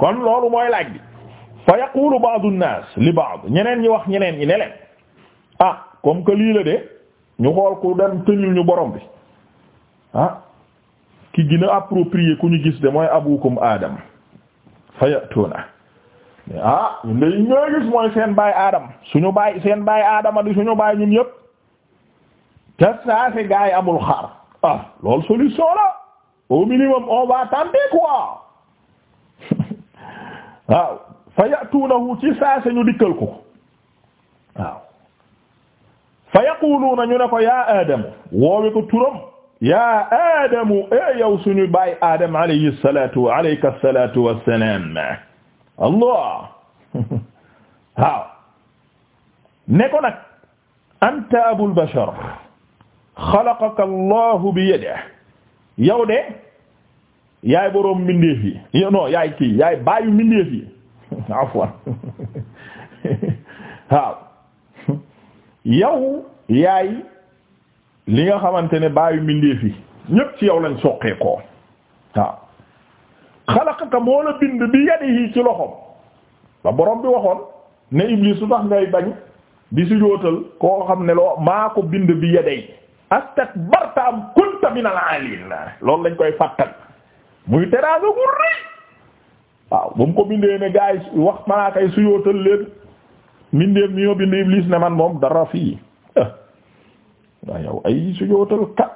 kon loolu mooy laaj bi fa yaqulu ba'du an-nas li ba'd ñeneen ñi wax ñeneen ñi ne ah comme que lii de ñu xool ku dem tëñul ñu borom bi ah, ki gën a ku ñu gis de mooy abukum adam fa yatuna ah ñun de ñoo gis mooy seen baay adam suñu baay seen baay aadama di suñu baay ñun yëpp te saa si gaa yi xaar ah loolu solution la au minimum on va waaw fa yatuunahu ci saase ñu dikkal ko waaw fa yaquluuna ñu ne ko yaa aadamu woowe ko turam yaa aadamu e yow suñu baay aadam alayhi salatu alayka alsalatu wassalam allah waaw ne ko nag anta abul bashar xalaqaka allahu bi yadihi yow de yaay boroom mbindeef yi non yaay kii yaay baayu mbindeef yi afwan waaw yow yaay li nga xamante ne baayu mbindeef yi ñépp ci yow lañ soqee ko waaw xalaqaka moo la bind bi yadihi ci loxom la borom bi waxoon ne Iblis su tax ngay bañ di si jóotal koo xam ne loo maa ko bind bi yaday astakbarta am kunta minal alin loolu lañ koy fàttal muy teraanga gu rëy waaw ba mu ko bindee ne gaa yi wax malaaka yi suyootal leen mbindeef mi ñoo bind Iblis ne man moom dara fii ah. waaye yow ay kat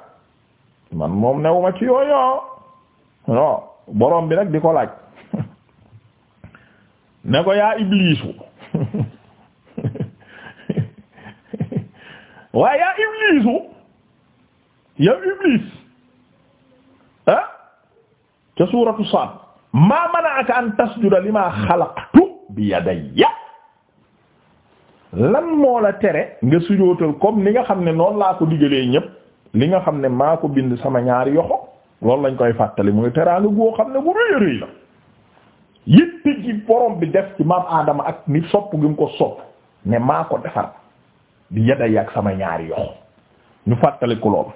man moom newuma ci yooyo non borom bi nag di ko laaj ne ko yaa Iblisu waaye yaa Iblisu yow Iblis ah. ca suuratu Saad maa mana'aka an tasjuda limaa xalaqtu bi yadayya lan moo la tere nga sujootal comme li nga xam ne noonu laa ko digalee ñépp li nga xam ne maa ko bind sama ñaari yoxo loolu lañ koy fàttali muy teraanga goo xam ne bu rëy a rëy la ji borom bi def ci maam Adama ak ni sopp gi mu ko sopp ne maa ko defar bi yadayya ak sama ñaari yoxo ñu fàttali ko lool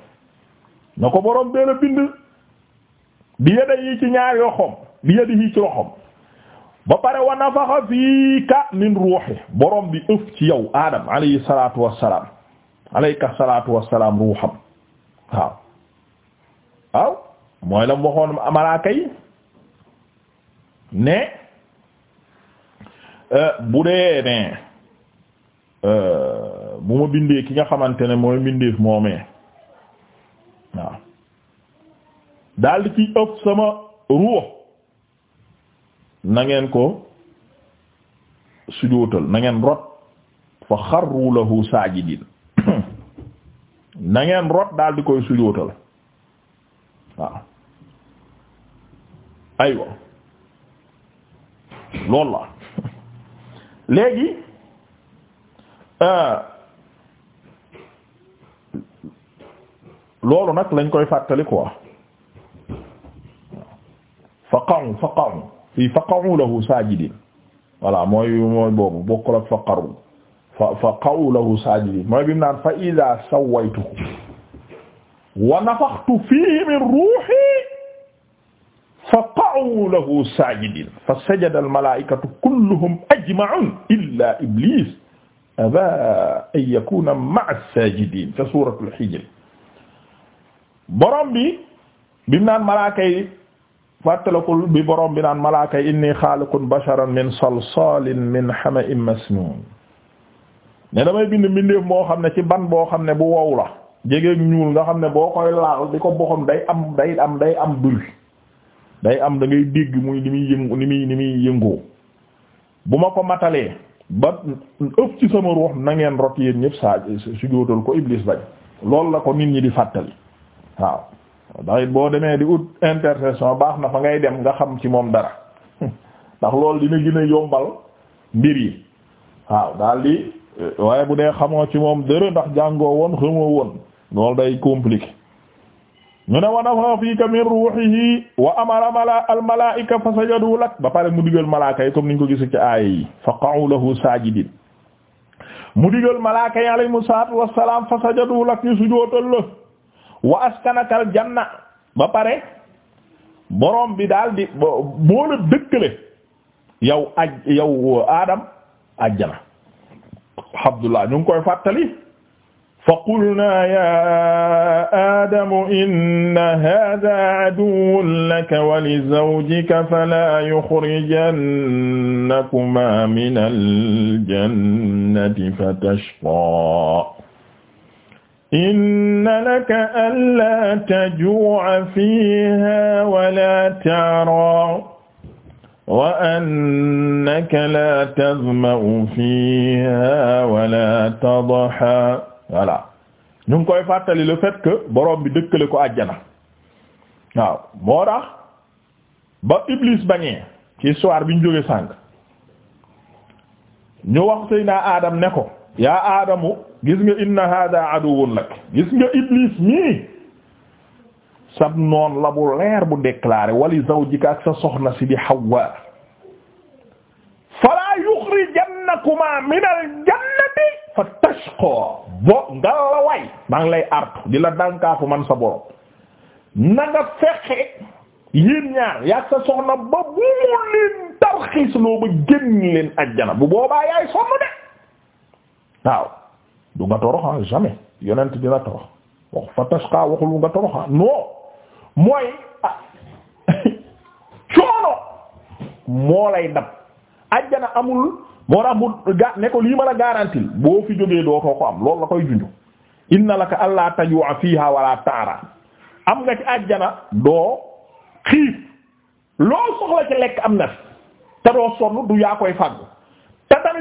na ko borom bee la bind. bi yada yi ci ñaar yoxom bi yada yi ci loxom ba pare wa nafaxa fiika min ruuxi borom bi ëf ci yow adam alayhi salatu wassalam alayka salatu wassalam ruuxam waaw waaw mooy la mu waxoon malaaka yi ne euh, bu dee ne euh, bu ma bindee ki nga xamante ne mooy mbindeef moomee waaw daal di ci ëpp sama ruux na ko sujootal nangeen ngeen rot fa xarru lahu saajidiin na ngeen rot daal koy sujootal waaw aywa loolu la léegi euh, loolu nag lañ koy fàttali quoi faqa'u faqa'u fii faqa'u lahu sajidin voilà mooy mooy boobu bokkul ak faqaru fa faqa'u lahu sajidin mooy bi mu naan fa idha sawaytuhu wa nafaxtu fiihi min ruuhi faqa'u lahu sajidin fasajada al-malaa'ikatu kulluhum ajma'un illa iblis abaa an yakuna ma'a as-sajidin ca suuratul hijr borom bi bi mu naan malaaka yi fàttalakul bi borom bi naan malaaka yi inni xaaliqun basharan min salsalin min hama'in masnun ne damay bind mbindeef moo xam ne ci ban boo xam ne bu wow la jegeeg ñuul nga xam ne boo koy laal di ko boxam day am day am day am dul day am da ngay dégg muy ni muy yëngu ni muy ni muy yëngoo bu ma ko matalee ba ëpp ci sama ruux na ngeen rot yéen ñëpp saa su jootal ko Iblis bañ loolu la ko nit ñi di fàttali waaw ndax boo demee di ut intercession baax na fa ngay dem nga xam ci moom dara ndax loolu dina gën a yombal mbir yi waaw daal di waaye bu dee xamoo ci moom dërë ndax jàngoo woon xamoo woon loolu day compliqué ñu ne wa nafa fiika min ruhihi wa amara mala al malaika fa sajadu lak ba pare mu digal malaaka yi comme niñ ko gis ci aaya yi fa qa'u lahu sajidin mu digal malaaka yi alayhimu salaatu wassalaam fa sajadu lak ñu sujootal la wa askanakal janna ba pare borom bi daal di moo la dëkkale yow aj yow Adam ajjana Abdullah ñu ngi koy fàttali fa qulna ya adamu inna hadha aduwwun laka wa li zawjika fala yukhrijannakuma min al jannati fatashqa inna laka allaa tajuu'a fiihaa walaa ta'raa wa annaka laa tazma'u fiihaa walaa tadhaa voilà ñu ngi koy fàttali le fait que borom bi dëkkale ko àjjana waaw moo tax ba Iblis bañee ci histoire bi ñu jógee sànq ñu wax Seydina Adam ne ko. yaa aadamu gis nga inna hada aduwwun lak gis nga iblis mii sab noon la bu leer bu déclaré wali zawjika ak sa soxna si di Hawwa fala yukhrijannakuma min al-jannati fatashqa bo nga la way maa ngi lay artu di la dànkaafu man sa borom na nga fexe yéen ñaar yaa sa soxna ba bu mu leen tarxiis loo ba génn leen ajjana bu boobaa yaay sonn de waaw du nga toroxa ah, jamais yonent dina torox wax fa tashqa waxul nga toroxa ah, non mooy ah coono moo lay dab ajjana amul moo tax mu ga ne ma la garantil boo fi jógee dootoo ko am loolu la koy junju inna laka alla tajua fiha wala taara am nga ci ajjana doo xiif loo soxla ci lekk am na te doo sonn du yaa koy fàggu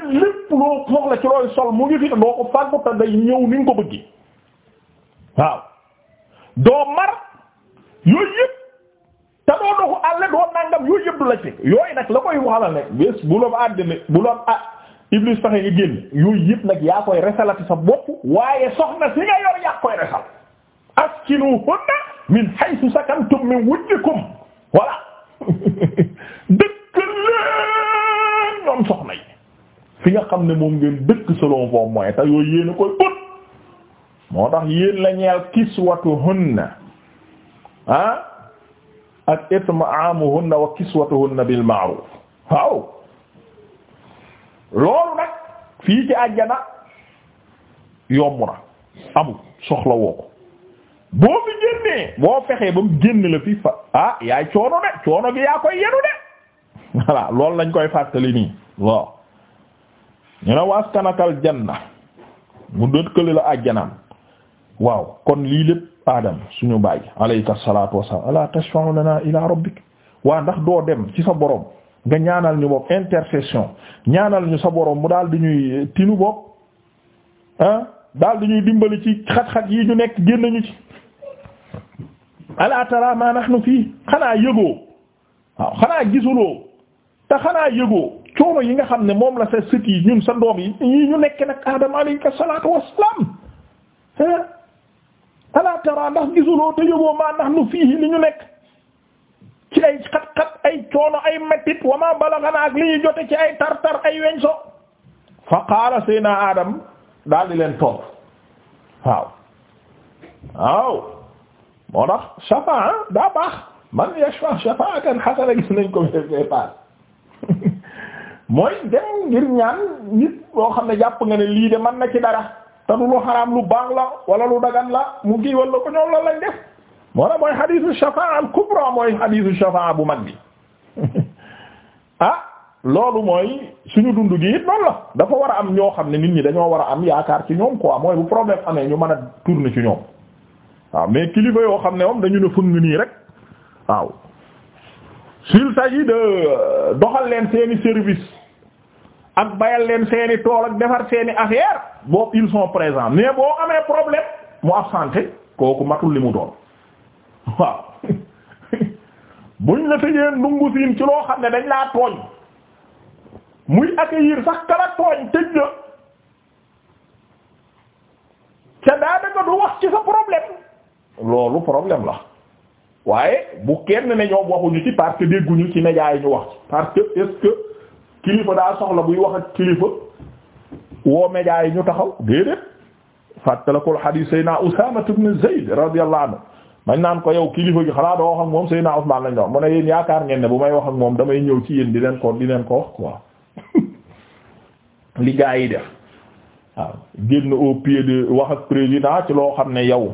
mooy lépp loo soxla ci sol mu ngi fi doo ko fàggu te day ñëw ni nga ko bëggi waaw doo mar yooyu yëpp te doo doxu àll doo nangam yooyu yëpp la ci yooyu nag la koy waxalal ne bés bu la àddina bu la ah iblis fexe nga génn yooyu yëpp nag yaa koy resalati sa bopp waaye soxna si nga yor yaa koy resal askinuhunna min haythu sakantum min wujdikum voilà dëkk leen ñoom soxna fi nga xam ne moom ngeen dëkk selon vos moyens te yooyu yéen a koy ut moo tax yéen la ñeel kiswatuhunna ah ak itma'amuhunna wa kiswatuhunna bil ma'ruf waaw loolu nag fii ci àjjana yomb na amul soxla woo ko boo fi génnee boo fexee ba mu génn la fi fa ah yaay coono de coono bi yaa koy yenu de voilà loolu lañ koy fàttali nii waaw ñu ne waskanakal janna mu dëkkale la ajjanaam waaw kon lii lépp adam suñu baay alayka salaatu wassalaam ala tashfa'u lana ila rabbik waa ndax doo dem ci sa borom nga ñaanal ñu bopp intercession ñaanal ñu sa boroom mu daal di ñuy tinu bopp ah daal di ñuy dimbali ci xat-xat yi ñu nekk génn ñu ci ala tara ma nahnu fii xanaa yëgoo waaw xanaa gisuloo te xanaa yëgoo coono yi nga xam ne moom la sa sët yi ñun sa doom yi ñu nekk nag Adama alayhi wassalaam ala ah, tara ndax gisuloo te yóboo maa ndax nu fii li ñu nekk ci ay xat-xat ay coono ay mettit wa ma balaghana ak li ñu jote ci ay tar-tar ay weñ so fa qaala sayna Adam daal di leen topp waaw moo tax shafaa daa baax man yashfa shafaatan hasana gis nañ ko fee paas mooy dem ngir ñaan nit boo xam ne jàpp nga ne lii de man na ci dara te du lu xaraam lu baax la wala lu dagan la mu kii wala ko ñoom la lañ def moo na mooy xadiisu shafaa al mooy xadiisu shafaa bu mag bi ah loolu mooy suñu dund gii it noonu la dafa war a am ñoo xam ne nit ñi dañoo war a am yaakaar ci ñoom quoi mooy bu problème amee ñu mën a tourner ci ñoom waaw mais kilifa yoo xam ne moom dañu ne fëng nii rek waaw s'il s'agit de euh, doxal leen seeni ak bayal leen seeni tool ak defar seeni affaire boobu ils sont présents mais boo amee problème mu absenté kooku matul li mu doon waaw buñ la tëjee ndungu siin ci loo xam ne dañ laa tooñ muy accueillir sax kala tooñ tëj la ca daanaka du wax ci sa problème loolu problème la waaye bu kenn ne ñoom waxuñu ci parce que dégguñu ci médias ñu wax ci parce que est que kilifa daa soxla buy wax ak kilifa woo média yi ñu taxaw déedéet fàttalikul hadith Seydina Usaama ibn Zayd radiyallahu anhu mañ naan ko yow kilifa gi xanaa doo wax ak moom Seydina Usmaan lañ doon mu ne yéen yaakaar ngeen ne bu may wax ak moom damay ñëw ci yéen di leen ko di leen ko wax quoi li gaa yi def waaw génn au wax ak président ci loo xam ne yow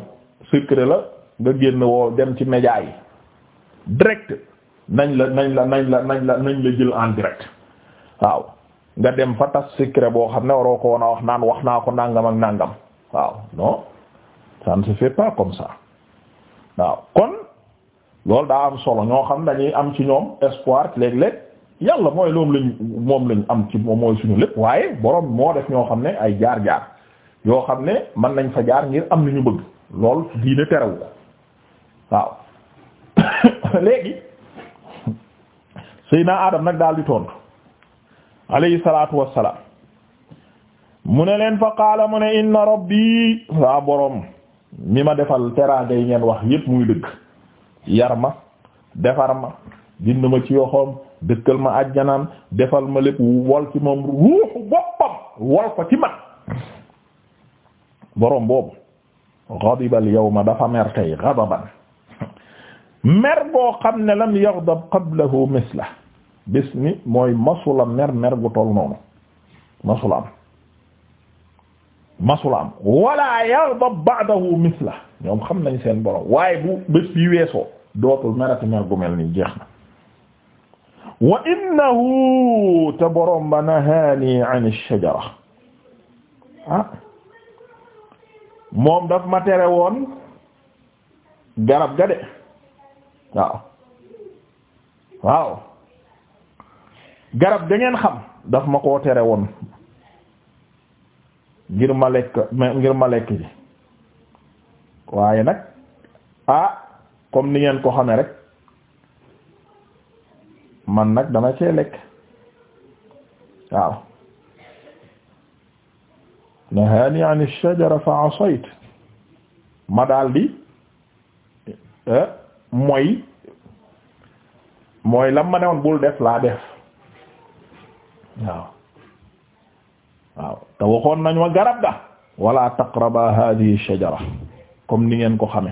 secret la nga génn woo dem ci média yi direct nañ la nañ la nañ la nañ la jël en direct. waaw nga dem fa tas secret boo xam ne waroo ko woon a wax naan wax naa ko nangam ak nangam waaw non ça fait pas comme ça waaw kon loolu daa am solo ñoo xam dañuy am ci ñoom espoir léeg-léeg yàlla mooy loolu lañ moom lañ am ci moom mooy suñu lépp waaye borom moo def ñoo xam ne ay jaar-jaar yoo xam ne mën nañ fa jaar ngir am li ñu bëgg lool diine terewu ko waaw léegi Seydina Adam nag daal di tontu. alayhi salaatu wassalaam mu ne leen fa qaala mu ne inna rabbi saa borom mi ma defal teraanga yi ngeen wax yépp muy dëgg yar ma defar ma dind ma ci yoxoom dëkkal ma ajjanaan defal ma lépp wol ci moom ruuxu boppam wol ko ci man borom boobu gadibal yawma dafa mer tey gadaban mer boo xam ne lam yaghdab qablahu misla bés mooy masula mer mer gu tool noonu masula am masula am wala yaghdab ba'dahu misla ñoom xam nañu seen borom waaye bu bés bi weesoo dootul merati mer gu mel ni jeex na wa innahu te borom ba nahaani an ash-shajara ah moom daf ma tere woon garab ga de waaw waaw garab da ngeen xam daf ma koo tere woon ngir ma lekk ngir ma lekk ji waaye nag a ah, comme ni ngeen ko xame rek man nag dama cee lekk waaw nahani an ash-shajara fa asayt ma daldi eh, mooy mooy lam ma ne woon bul def laa def waaw waaw te waxoon nañ wa garab ga wala taqraba hadhihi shajara comme ni ngeen ko xame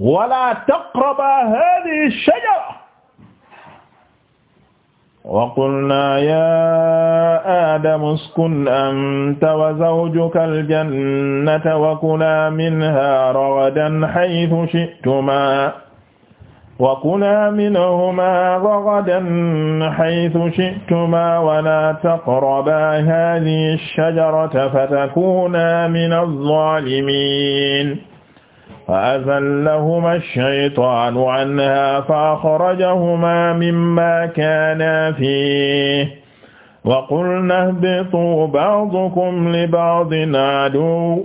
wala taqraba hadhihi shajara wa qulna ya adamu uskun anta wa zawjuka aljannata wa kula minha ragadan haythu shi'tuma وكلا منهما رغدا حيث شئتما ولا تقربا هذه الشجرة فتكونا من الظالمين فأزلهما الشيطان عنها فأخرجهما مما كانا فيه وقلنا اهبطوا بعضكم لبعض عدو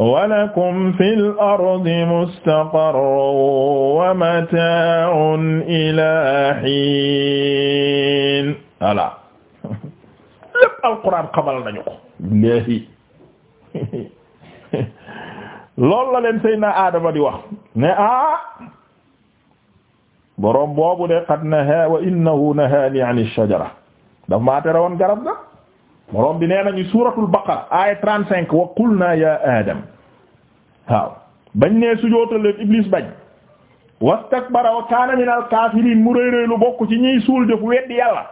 walakum fil ardi mustaqarrun wa mataa'un ilaa hiin voilà lépp alquran xamal nañu ko léegi loolu la leen Seydina Adama di wax ne ah borom boobu de qad nahaa wa innahu nahaani ani shajara daf maa tere woon garab ga borom bi nee nañu suuratul baqara aaya 35 wa qulna ya adam waaw bañ nee sujootal leen iblis bañ wastakbara wa kaana minal kaafiriin mu rëy rëy lu bokk ci ñiy suul def weddi yàlla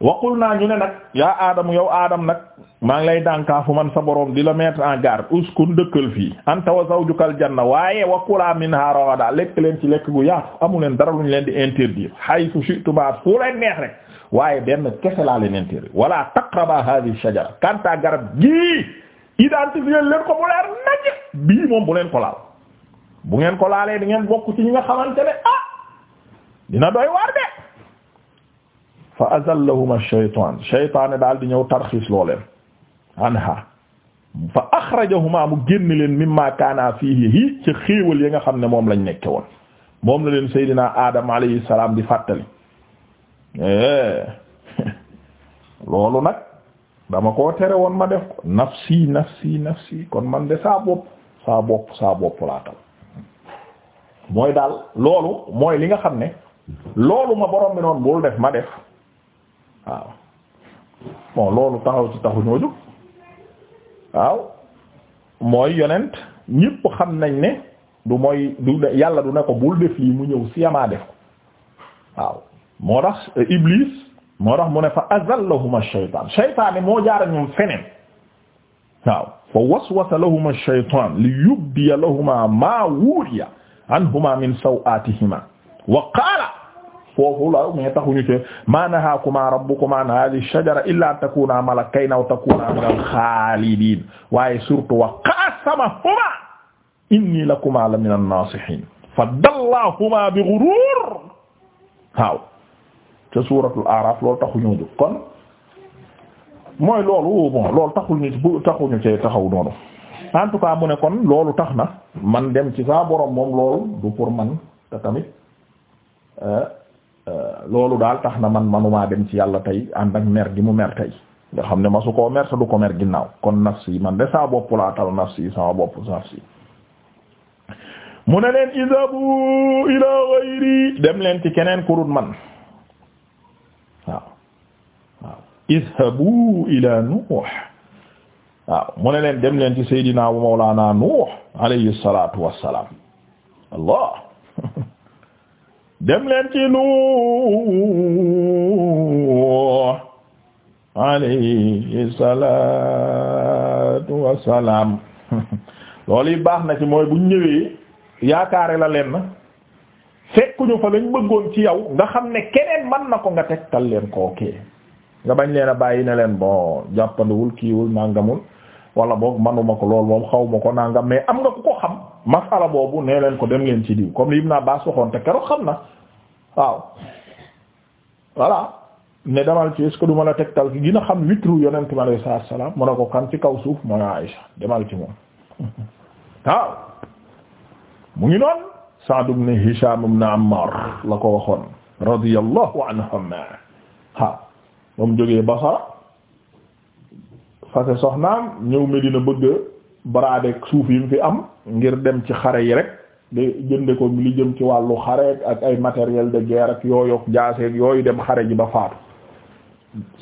waqul naa ñu ne nag ya aadamu yow aadam nag maa ngi lay dànkaafu man sa borom di la mettre en garde uskun dëkkal fii anta wa zawjukal janna waaye wakulaa minha rawada lekk leen ci lekk gu yaatu amu leen dara lu leen di interdire haythu shi'tuma fu leen neex rek waaye benn kese laa leen tere wala taqraba hadhihi shajara kanta garab gii identifier leen ko bu leer bii moom bu leen ko laal bu ngeen ko laalee di ngeen bokk ci ñi nga xamante ne ah dina doy waar de fa azallahuma shaytaan shaytaan daal di ñëw tarxiis looleen anha fa axrajahuma mu génn leen mimma kaana fiihi hi ci xéewal yi nga xam ne moom lañ nekke woon moom la leen seydina adam alayhi salaam di fàttali Eh. loolu nag dama koo tere woon ma def ko nafsi nafsi nafsi kon man de saa bopp saa bopp saa bopp laa tal mooy daal loolu mooy li nga xam ne loolu ma borom bi noonu bul def ma def waaw bon loolu taxaw ci taxu ñoo jóg waaw mooy yonent ñépp xam nañ ne du mooy du yàlla du ne ko bul def lii mu ñëw siyamaa def ko waaw moo tax euh, Iblis moo tax mu ne fa azallahuma shaytaan shaytaan moo jaar ñoom feneen waaw fa waswasa lahuma shaytaan li yubdiya lahuma maa wuriya anhuma min saw'atihima wa qaala foofu la mais taxuñu ci ma nahaakuma rabbukuma an haadhihi shajara illa an takuuna malakayni aw takuuna min al-xaalidiin waaye surtout wa qaasamahuma inni lakuma la min an-naasihiin fa dallaahuma bi ghuruur waaw ca suuratul Araf loolu taxu ñoo jóg kon mooy loolu bon loolu taxul ñu bu taxuñu cee taxaw noonu en tout cas mu ne kon loolu tax na man dem ci saa boroom moom loolu du pour man te tamit euh, euh, loolu daal tax na man manumaa dem ci yàlla tey ànd ak mer gi mu mer tey nga xam ne ma su koo mer sa du ko mer ginnaaw kon nafsi man de saa bopp laa tal nafsi sama bopp nafsi mu ne leen isabu ila ghayri dem leen ci keneen kurut man idhabu ila nuux waaw mu ne leen dem leen ci seydina wa mawlaana nuux alayhi salaatu wa allah dem leen ci nuux loolu yi baax na ci mooy bu ñëwee yaakaare la leen na fekkuñu fa lañu bëggoon ci yow nga xam ne keneen mën na ko nga tegtal leen kookee nga bañ leen a bàyyi ne leen bon jàppandiwul kiiwul nangamul wala boog manuma ko lool moom xaw ko nangam mais am nga ku ko xam masala boobu nee ko dem leen ci diw comme lim naa baas waxoon te keroog xam na waaw voilà ne demal ci est-ce que du ma la tegtal ki gën a xam witru yonent bi alayhi salaatu salaam mu ne ko kan ci kaw suuf mu ne Aïcha demal ci moom waaw mu ngi noon Sa'd ibn Hisham ibn Ammar la ko waxoon radiyallahu anhuma waaw moom jógee Basra fase soxnaam ñëw Medina bëgg baraade suuf yi mu fi am ngir dem ci xare yi rek de jënde ko li jëm ci wàllu xare ak ay matériel de guerre ak yooyook jaaseeg yooyu dem xare ji ba faatu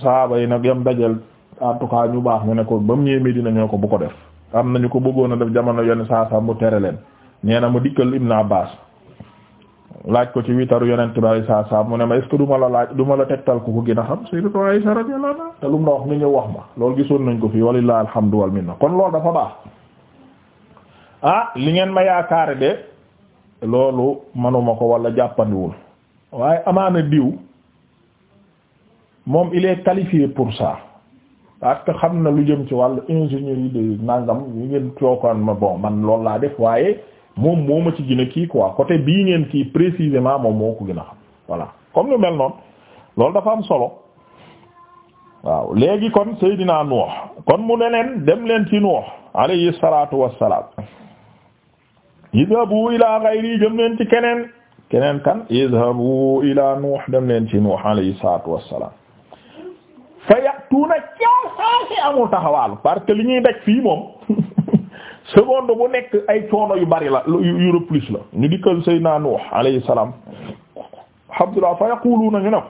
saaba yi nag yam dajal en tout cas ñu baax ñu ne ko ba mu ñëwee Medina ñoo ko bu ko def am na nañu ko bëggoon a def jamono yenn saa mu tere leen nee na mu dikkal naa Abbas laaj ko ci witaru yonent bi alayhi salaatu salaam mu ne ma est-ce la laaj du ma la tegtal ku ko gën a xam sayyidatu Aisha radiyallahu anha te lu mu la wax nga ñëw wax ma loolu gisoon nañ ko fii walillahi alhamdu wal minna kon loolu dafa baax ah li ngeen ma yaakaare de loolu manuma ko wala jàppandiwul waaye amaana diw moom il est qualifié pour ça parce xam na lu jëm ci wàllu ingénierie de nangam yu ngeen cookaan ma bon man loolu laa def waaye moom moo ma ci gën a kii ko côté bii ngeen kii précisément moom moo ko gën a xam voilà comme lu mel noon loolu dafa am solo waaw léegi kon Seydina Nuux kon mu ne leen dem leen ci Nuux alayhi salaatu wassalaam idhabu ila ghayri dem leen ci keneen keneen kan idhabu ila Nuux dem leen ci Nuux alayhi salaatu wassalaam fa ya'tuuna amul taxawaalu parce que li ñuy daj fii moom seconde bu nekk ay coono yu bari la yu replus la ñu dikkal Seydina Nuux alayhi salaam alhamdulillah fa yaquluuna ñu ne ko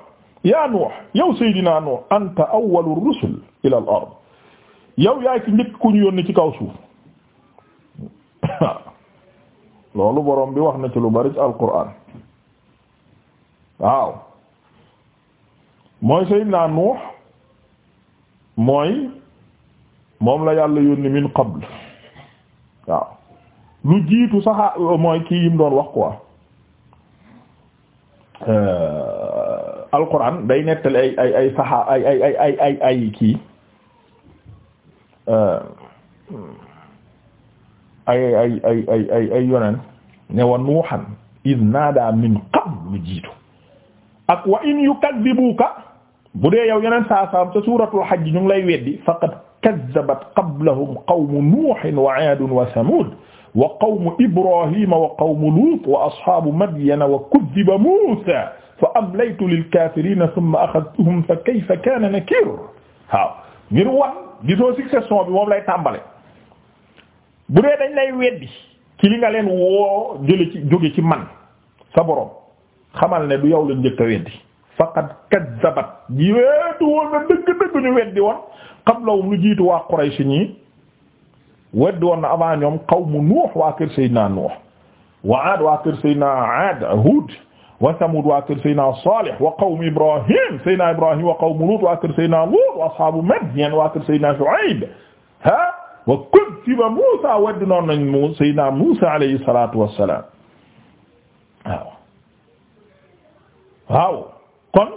Nuux yow Seydina Nuux anta awwalu rusul ila al ard yow yaay ci njëkk ku ñu ci kaw suuf loolu borom bi wax na ci lu bari ci alquran waaw mooy Seydina Nuux mooy moom la yàlla yónni min qabl waaw lu jiitu saxa mooy kii yim doon wax quoi euh, alquran day nettali ay ay ay ay ay ay ay kii euh, ay ay ay ay ay ay yoneen ne wa nuuhan id naada min qabl lu jiitu ak wa in yukadibuka bu dee yow yeneen saa saam sa suuratul hajj ñu lay weddi faqat kaddabat qablahum qawmu nuuhin wa aadun wa samuud wa qawmu ibrahima wa qawmu luut wa asxaabu madyana wa kuddiba muusaa fa amlaytu lilkaafiriina summa axadtuhum fa kayfa kaana nakiir waaw ngir wan gisoo succession bi moom lay tàmbale bu dee dañ lay weddi ci li nga leen woo jële ci jóge ci man sa boroom xamal ne du yow lañ njëkk a weddi faqad kaddabat ji weetu woon na dëgg-dëgg ñu weddi woon qablahum lu jiitu waa Quraysh ñi weddi woon na avant ñoom qawmu Nuux waa kër Seydina Nuux wa Aad waa kër Seydina Aad Huud wa Samuud waa kër Seydina Saalih wa qawmu Ibrahim Seydina Ibrahim wa qawmu Luut waa kër Seydina Luut wa ashaabu Madyan waa kër Seydina Shuayb ha wa kutiba Muusaa weddi noon nañ mu Seydina Muusaa alayhi salaatu wa salaam waaw waaw kon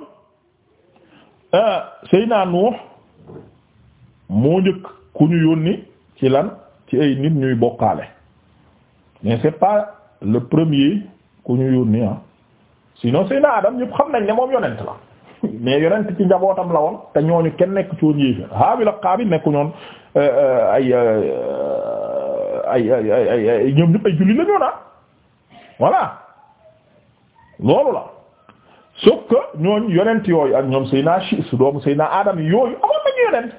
eh, Seydina Nuux moo njëkk ku ñu yónni ci lan ci ay nit ñuy bokkaale mais c'est pas le premier ku ñu yónni ah sinon sëy na Adam ñëpp xam nañ ne moom yonent la mais yonent ci njabootam la woon te ñooñu kenn nekk ci woon yéefér Haabil ak nekku ñoon euh, euh, euh, ay ay ay ay ñoom ñëpp ay julli la ñoona ah. voilà loolu la sauf que ñooñ yonent yooyu ak ñoom sëy naa Chiis doomu sëy Adam yooyu amoon nañu yonent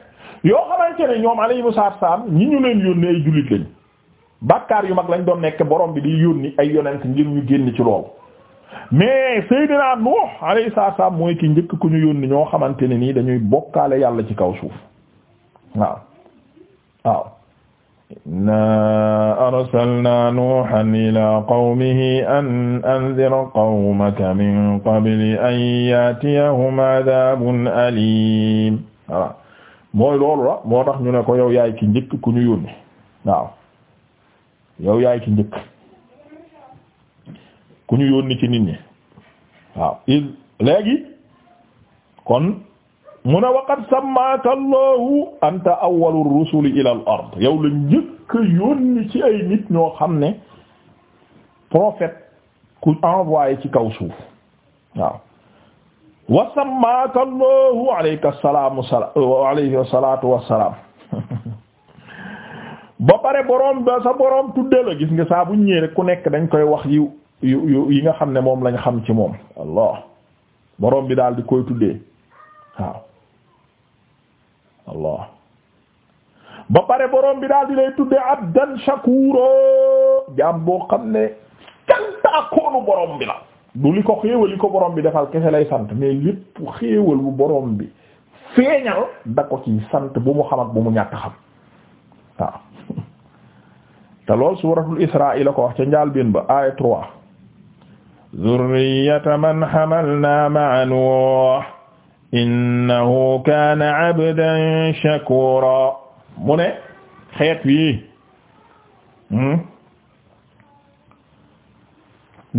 yoo xamante ne ñoom alayhimu salaam ñi ay jullit lañ bàkkaar yu mag lañ doon nekk borom bi di yónni ay yonent ngir ñu génn ci loolu mais Seydina Nuux alayhi salaam mooy ki ñu yónni ñoo xamante ne nii dañuy bokkaale yàlla ci kaw suuf waaw waaw inna arsalna nuuhan ila qawmihi an anzir qawmaka min qabli an yatiyahum adabun alim mooy loolu la moo tax ñu ne ko yow yaay ki njëkk ku ñu yónni waaw yow yaay ki njëkk ku ñu yónni ci nit ñi waaw il léegi kon mu ne waqad sammaaka allahu anta awwalu rusuli ila al ard yow la njëkk yónni ci ay nit ñoo xam ne prophète ku envoyé ci kaw suuf waaw wa allahu alayka salaamu alayhi wa salaatu wa salaam ba pare boroom ba sa boroom tuddee la gis nga saa bu ñëwee rek ku nekk dañ koy wax yu yu yi nga xam ne moom lañ xam ci moom allah boroom bi daal di koy tuddee waaw allah ba pare boroom bi daal di lay tuddee abdan shakuro jaam boo xam ne canta akoonu boroom bi la du li ko xéewal li bi defal kese lay sant mais lépp xéewal bu borom bi feeñal da sant bu mu xam ak mu ñàkk xam waaw te lool suuratul Israa la wax ca njaal biin ba aaya trois zurriyata man hamalna ma'a Nuuh innahu kaana abdan shakuura mu ne xeet wi hmm?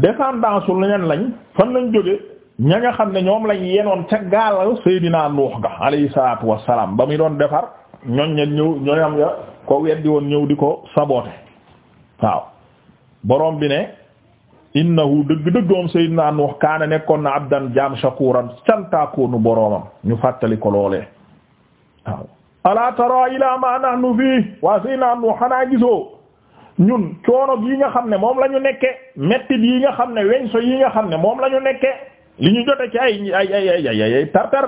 descendance u lañan lañ fan lañ jóge ña nga xam ne ñoom lañ yenoon ca gaal Seydina Nuux ga alayhi salaatu wassalaam ba muy doon defar ñoñ ña ñëw ñoñam ya ko weddi woon ñëw di ko saboté waaw boroom bi ne innahu dëgg-dëggoom Seydina Nuux kaana nekkoon na abdan jaam shakuran cantaakoonu boroomam ñu fàttali ko loolee waaw alaa tara ilaa ma nahnu fii waa Seydina Nuux xanaa gisoo ñun coono yi nga xam ne moom la ñu nekke mettit yi nga xam ne weñso yi nga xam ne moom la ñu nekke li ñu jote ci ay ay ay ay ay ay tartar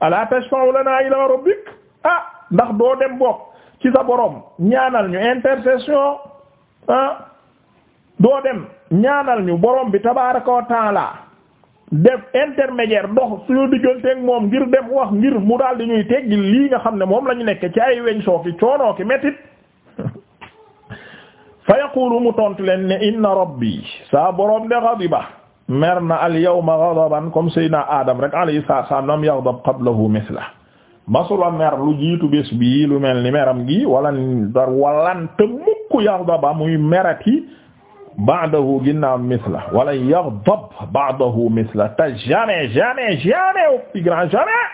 ala tashfa'u lana ila rabbik ah ndax doo dem bokk ci sa borom ñaanal ñu intercession ah doo dem ñaanal ñu borom bi tabaaraka wa taala def intermédiaire dox suñu digganteeg moom ngir dem wax ngir mu daal di ñuy teggil lii nga xam ne moom la ñu nekk ci ay weñ soo ki coonoo ki mettit yaqulu mu tontu leen ne inna rabbi saa boroom de ghadiba mer na al yawma ghadaban comme sayyidina adam rek alayhi salaam lam yaghdab qablahu mithla masula mer lu jiitu bés bii lu mel ni meram gi wala dar walan te mukk yaghdaba muy merati ba'dahu ginnaaw mithla wala yaghdab ba'dahu mithla te jamais jamais jamais au plus grand jamais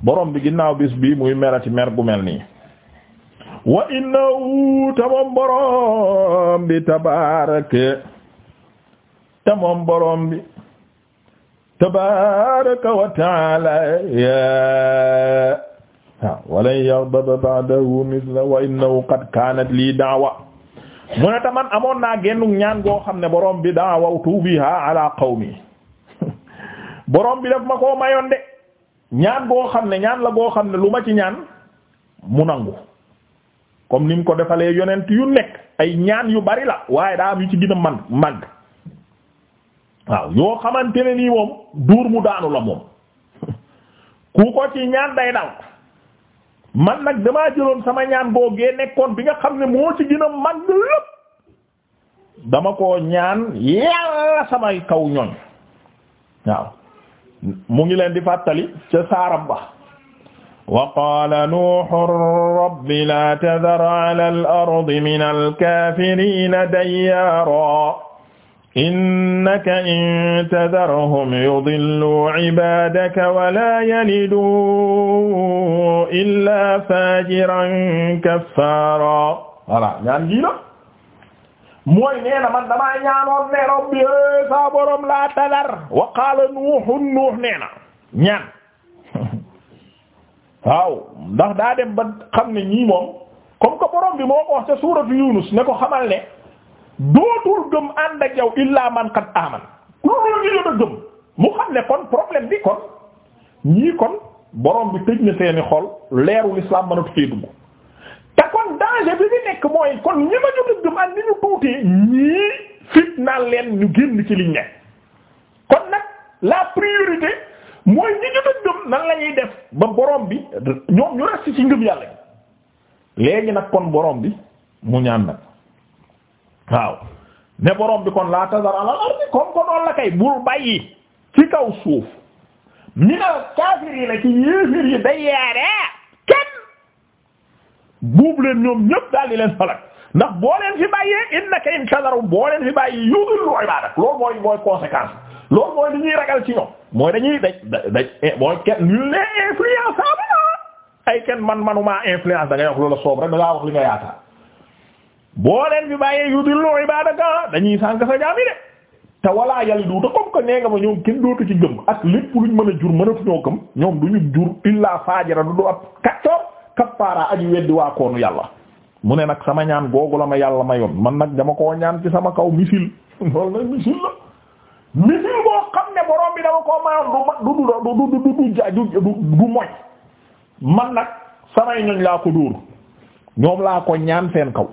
borom bi ginnaaw bés bii muy merati mer gu mel nii wa innahu te bi tabaraka te moom borom bi tabaraka wa taala waaw yardaba ba'dahu mithla wa qad kanat lii daawa mu ne taman amoon naa gennu ñaan goo xam ne boroom bi daawawtu biha ala qawmi borom bi daf ma koo mayoon de ñaan goo xam ne ñaan la goo xam ne lu ma ci ñaan mu nangu comme ni mu ko defalee yonent yu nekk ay ñaan yu bari la waaye daa am yu ci gën a man màgg waaw yoo xamante ne nii moom duur mu daanu la moom ku ko ci ñaan day dal man nag damaa jëloon sama ñaan googee nekkoon bi nga xam ne moo ci gën mag màgg dama ko ñaan yàlla samay kaw ñoñ waaw mu ngi leen di fàttali ca saaram ba waqaala nuuxun rabbi laa tadar alal ardi minal kaafiriina dayyaaraa innaka in tadarhum yudilluu cibaadaka walaa yaliduu illaa faajiran kaffaaraa. voilà ñaan ji la mooy nee na man damaa ñaanoon ne rabbi eh, saa borom laa tadar waqaala nuuxun nuux nee na ñaan. waaw ndax daa dem ba xam ne ñii moom comme que borom bi moo ko wax ca suuratu Yunus ne ko xamal ne dootul gëm ànd ak yow illaa man qad aman loolu ñu doon a gëm mu xam ne kon problème bi kon ñii kon borom bi tëj na seeni xol leerul islam mënatu fee dugg te kon danger bi fi nekk mooy kon ñi jot a gëm ak ni ñu tuutee ñii fitnaal leen ñu génn ci liñ ne kon nag la priorité. mooy ñi gën a gëm nan def ba borom bi ñoom ñu rest ci ngëm yàlla gi léegi nag kon borom bi mu ñaan nag waaw ne borom bi kon laa tazar ala ardi kon kon noonu la kay bul bàyyi ci kaw suuf minal kaafiriina ci yéefir yi day kenn buub leen ñoom ñëpp daal leen falak ndax boo leen fi bàyyee innaka in tadaru boo leen fi bàyyi yudillu ibadak loolu mooy mooy conséquence loolu mooy li ñuy ragal ci ñoom mooy dañuy daj daj eh, mooy kenn ñu ne influence ay kenn man manuma influence da ngay wax loola soob rek da ngaa wax li nga yaakaar boo leen bi bàyyee yudillu ibadaka dañuy sànk sa jaami de te walaa yàlla duuta comme que nee nga ma ñoom kenn dootu ci gëm ak lépp luñ mën a jur mënatuñoo gëm ñoom duñu jur illaa faajara du du ab kaccoor kafaara aji weddi waa koonu yàlla mu ne nag sama ñaan googu la ma yàlla ma yoon man nag dama koo ñaan ci sama kaw misil loolu nag misil la misil boo xam ne borom bi dama koo mayoon du du du man nag samay ñoñ laa ko ñoom laa ko ñaan seen kaw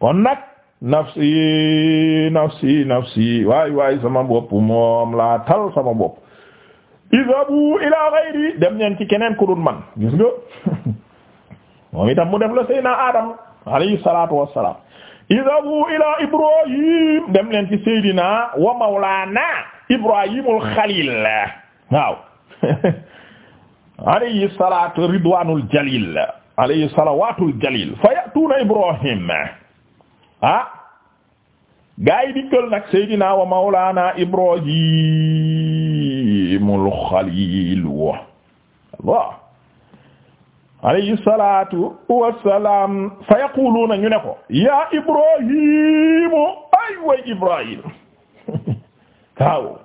kon nag nafsi nafsi nafsi waay waay sama bopp moom laa tal sama bopp isabu ila ghayri dem ñeen ci keneen ku dul man gis nga moom itam mu def la seyna adam alayhi salatu wassalam idhabu ila ibrahim dem leen ci seydina wa mawlana ibrahimul xalil waaw alayhi salatu ridwanul jalil alayhi salawatul jalil fa yatuna ibrahim ah gaa yi dikkal nag seydina wa mawlana ibrahimul xalil wa allah alayhi salaatu wassalaam fa yaquluuna ñu ne ko yaa ibrahimu ay way ibrahim waaw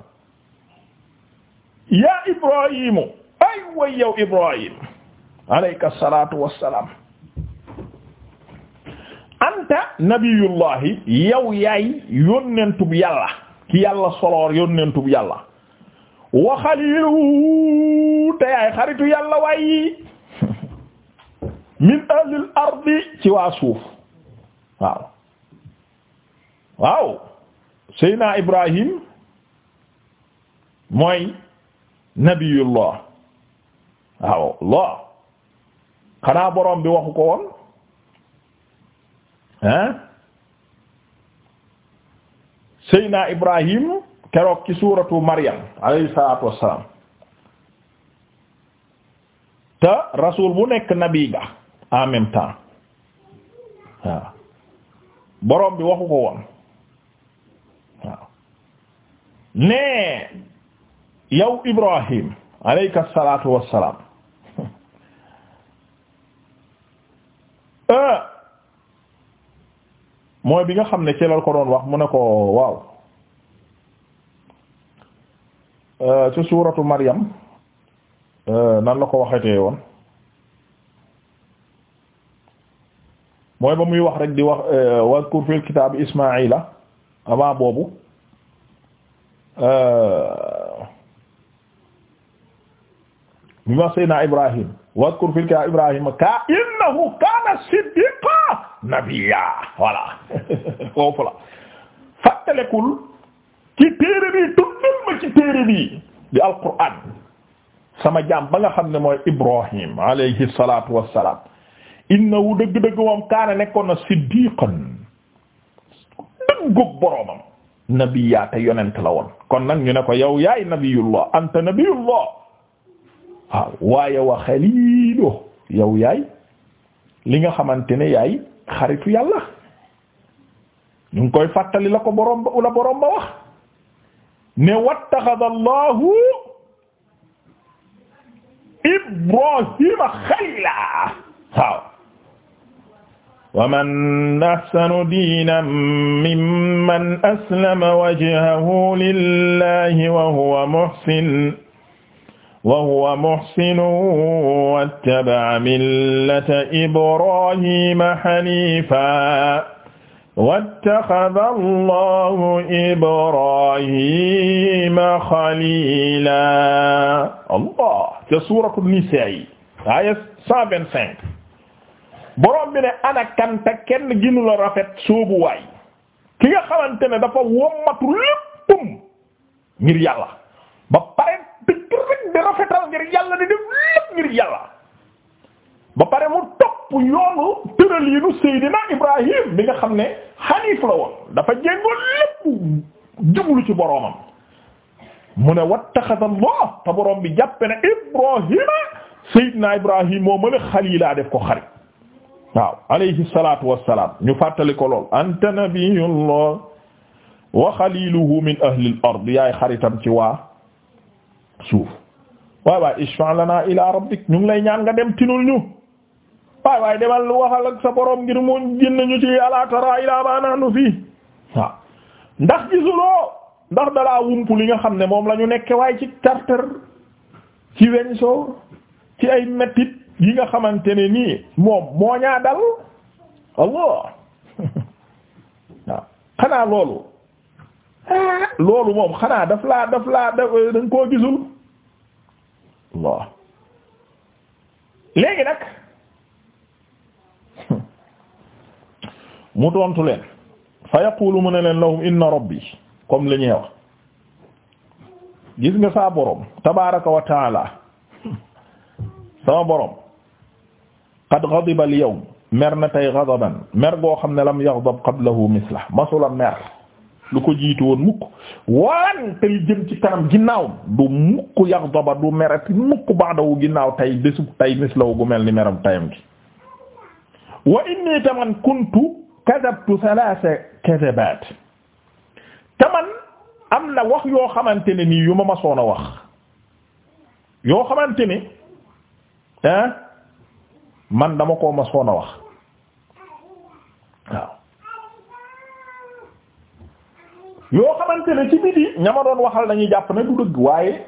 yaa ibrahimu ay way yow ibrahim alayka salaatu wassalaam anta nabiyullahi yow yaay yónnentub yàlla ki yàlla soloor yónnentub yàlla wa xaliiluhu te yaay xaritu yàlla waay min ahlil ardi ci waa suuf waaw waaw seyna ibrahim mooy nabiyullah waaw Allah xanaa boroom bi waxu ko woon hein seyna ibrahim keroog ci suuratu maryam alayhi salaatu wassalaam te rasuul bu nekk nabi ga en temps waaw borom bi waxu ko woon waaw ne yow Ibrahim aleyka salaatu wassalaam euh, mooy bi nga xam ne ci ko doon wax mu ne ko waaw euh, ci suuratu Maryam euh, nan la ko waxatee woon mooy ba muy wax rek di wax euh, wazkur fil kitaab Ismaa'ila avant boobu euh, bi ma seyna Ibrahim wazkur fil kitaab Ibrahima ka innahu kaana siddiqan nabiyya voilà foofu la fàttalekul ci téere bi tuddal ma ci téere bi di alquran sama jaam ba nga xam ne mooy Ibrahim alayhi salaatu wassalaam innahu dëgg-dëgg moom kaana nekkoon na siddiqan dëggug boroomam yonent la woon kon nag ñu ne ko yow yaay nabiyullah anta nabiyullah waaw waaye wa xalilu yow yaay li nga xamante ni yaay xaritu yàlla ñu ngi koy fàttali la ko boroom ba la boroom ba wax ne wattaxada allahu ibrahima xalila waaw waman ahsanu diinan mimman aslama wajhahu lillahi wa huwa muhsin wa huwa muhsinun wattaba'a millata ibrahima haniifa wattakhadha allahu ibrahima khaliila allah ca suuratu Nisaa aaya 125 borom bi ne ana kan kenn ginu rafet rafet soobuwaay ki nga xamante ne dafa wommatu léppum ngir yàlla ba pare dëgg rek di rafetal ngir yàlla di def lépp ngir yàlla ba pare mu topp yoonu tëraliinu Seydina Ibrahim bi nga xam ne xaniif la woon dafa jéngoo lépp jublu ci boromam mu ne wattaxada Allah te borom bi jàppe ne Ibrahima Seydina Ibrahim moo mën a xaliilaa def ko xarit waaw alayhi salaatu wassalaam ñu fàttali ko lool anta nabiyullah wa xaliluhu min ahli al ard yaay xaritam ci waa suuf waay waay ishfa lana ila rabbik ñu ngi lay ñaan nga dem tinul ñu waay waay demal lu sa borom ngir mu génn ñu ci ala tara ila ma nahnu fii ndax gisuloo ndax dalaa wump li nga xam ne moom la ñu nekke waaye ci tartar ci weñ soo ci ay mettit yi nga xamante ne nii moom moo ñaa dal allah xanaa loolu loolu moom xanaa daf laa daf laa daf dañ koo gisul allah léegi nag mu tontu leen fa yaqulu mu ne leen lahum inna rabbi comme li ñuy wax gis nga saa borom tabaraka wa sama borom qad ghadiba al yawm mer na tey ghadaban mer goo xam ne lam yaghdab qablahu misla masula mer lu ko jiitu woon mukk waan tey jëm ci kanam ginnaawam du mukk yaghdaba du merati mukk ba'dahu ginnaaw tey bésub tey mislawu gu mel ni meram tayam gi wa inni taman kuntu kadabtu thalatha kadabat taman am na wax yoo xamante ne nii yu ma masoon a wax yoo xamante ne ah man dama koo masoon a wax waaw yoo xamante ne ci biti ñama doon waxal nañu jàpp ne du dëgg waaye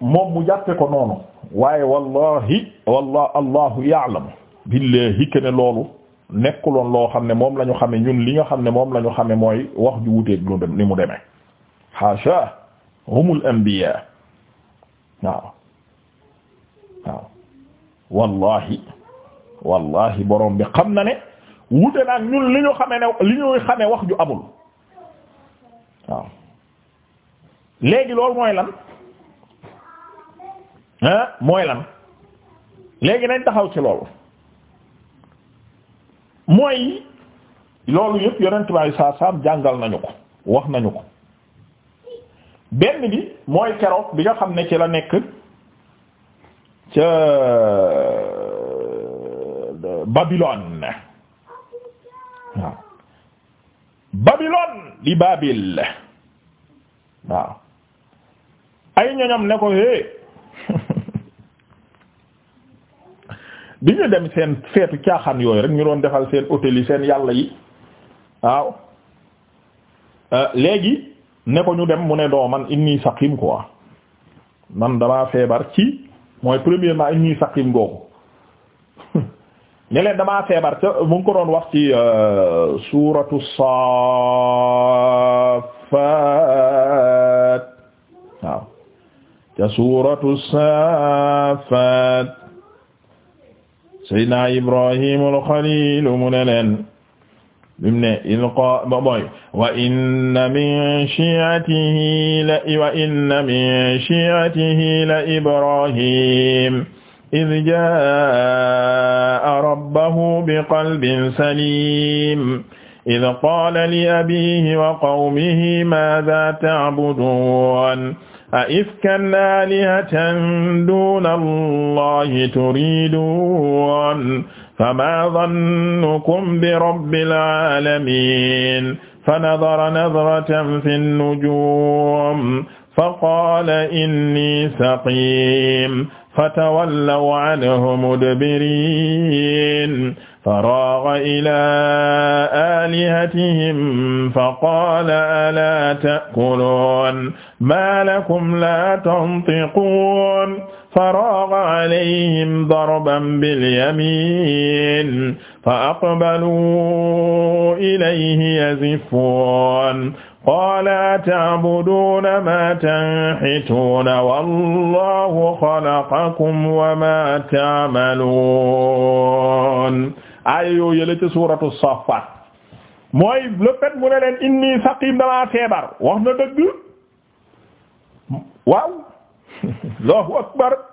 moom mu jàppe ko noonu waaye wallahi wallah allahu ya'lam billahi kene loolu nekkuloon loo xam ne moom lañu ñu xame ñun li nga xam ne moom la ñu xame mooy wax ju wuteeg lu dem ni mu demee haasha humul anbiya waaw waaw wallahi wallahi borom bi xam na ne wute naag ñun li ñu xame ne li ñuy xame wax ju amul waaw léegi loolu mooy lan ah mooy lan léegi nañ taxaw ci loolu mooy loolu yëpp yonent bi saa saam jàngal nañu ko wax nañu ko benn bi mooy keroog bi nga xam ne ci la nekk ca Babylone waaw Babylone di Babil waaw ay ñoñam ne ko hé bi ñu dem seen feetu caaxaan yooyu rek ñu doon defal seen hôtel yi seen yàlla yi waaw euh, léegi ne ko ñu dem mu ne doo man inni saqim quoi man damaa feebar ci mooy premièrement inni saqim googu ne leen damaa feebar ca mu ngi ko doon wax ci euh, suuratu Saaffaat waaw ca suuratu Saaffaat Seydina Ibrahim al-Xaliil mu ne leen bim ne il qo mooy wa inna min shi'atihi la wa inna min shi'atihi la Ibrahim id jaa rabbahu biqalbin salim id qaala li abihi wa qawmihi maada tacbuduun a ifkan aalihatan duuna allahi turiiduun famaa dannukum birabbil aalamiin fanadara nadratan fi nnujuum faqaala innii saqiim فتولوا عنه مدبرين فراغ إلى آلهتهم فقال ألا تأكلون ما لكم لا تنطقون faraaga alayhim darban bilyamin fa aqbaluu ilayhi yazifuun qaala atacbuduuna maa tanxituuna wallaahu xalaqakum wa maa tacmaluun aaya yoo yële ca suuratu Saaffaat mooy le fait mu ne leen inni saqiim damaa feebar wax na dëgg waaw Allahu akbar